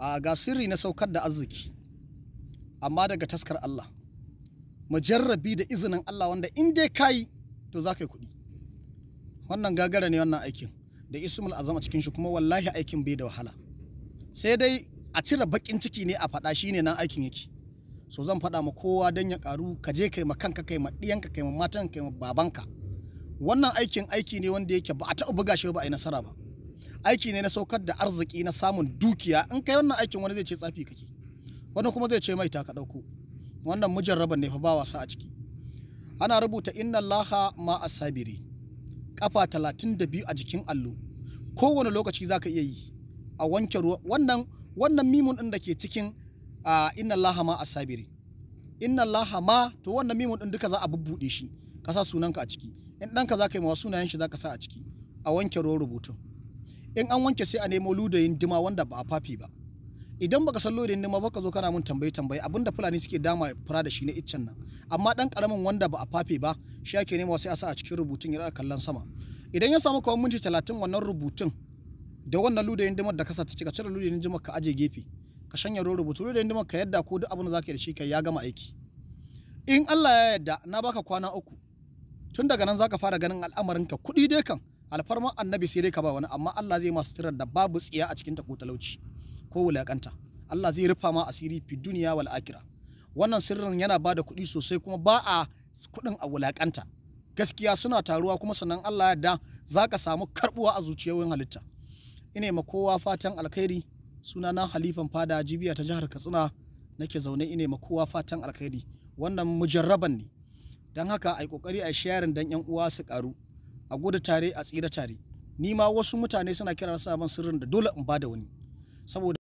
a ga sirri na saukar da arziki amma daga taskar Allah majarrabi da izinin Allah wanda in dai kayi to za ka yi kuɗi wannan gagara ne wannan aikin da ismul azam a cikin shi kuma wallahi aikin bai da wahala sai dai a cire bakin ciki ne a faɗa shi ne nan aikin yake so zan faɗa ma kowa don ya ƙaru ka je kai ma kanka kai ma ɗiyanka kai ma matan kai ma babanka wannan aikin aiki ne wanda yake ba a taɓa buga shi ba a yi nasara ba aiki ne na saukar da arziki na samun dukiya in kai wannan aikin wani zai ce tsafi kake wani kuma zai ce mai ta ka dauko wannan mujarraban ne fa ba wasa a ciki ana rubuta inna allaha ma asabiri kafa 32 a jikin allo kowane lokaci zaka iya yi a wanke ruwa wannan wannan mimun din da ke cikin inna allaha ma asabiri inna allaha ma to wannan mimun din duka za a bubbude shi ka sa sunanka a ciki in ɗanka za ka yi ma sunayen shi zaka sa a ciki a wanke ruwan rubutun in an wanke sai a nemo ludayin dima wanda ba a fafi ba idan baka san ludayin dima baka zo kana mun tambaye tambaye abinda fulani suke dama fura da shi ne iccen nan amma dan karamin wanda ba a fafe ba shi ake nemo sai a sa a cikin rubutun ya kallon sama idan ya samu kawai minti talatin wannan rubutun da wannan ludayin dimar da ka sa cika cire ludayin dimar ka aje gefe ka shanya rubutu ludayin dimar ka yadda ko duk abin da zaka yi da shi kai ya gama aiki in Allah ya yarda na baka kwana uku tun daga nan zaka fara ganin al'amarin ka kuɗi dai kan alfarman annabi sai dai ka ba wani amma Allah zai ma suturar da babu tsiya a cikin ta ko talauci ko wulakanta Allah zai rufa ma asiri fi duniya wal akira wannan sirrin yana ba da kuɗi sosai kuma ba a kuɗin a wulakanta gaskiya suna taruwa kuma sannan Allah ya da za ka samu karbuwa a zuciyoyin halitta ina ma kowa fatan alkhairi sunana halifan fada jibiya ta jihar katsina nake zaune ina ma kowa fatan alkhairi wannan mujarraban ne don haka a yi kokari a sharing dan yan uwa su karu a gudu tare a tsira tare ni ma wasu mutane suna kira sabon sirrin da dole in bada wani saboda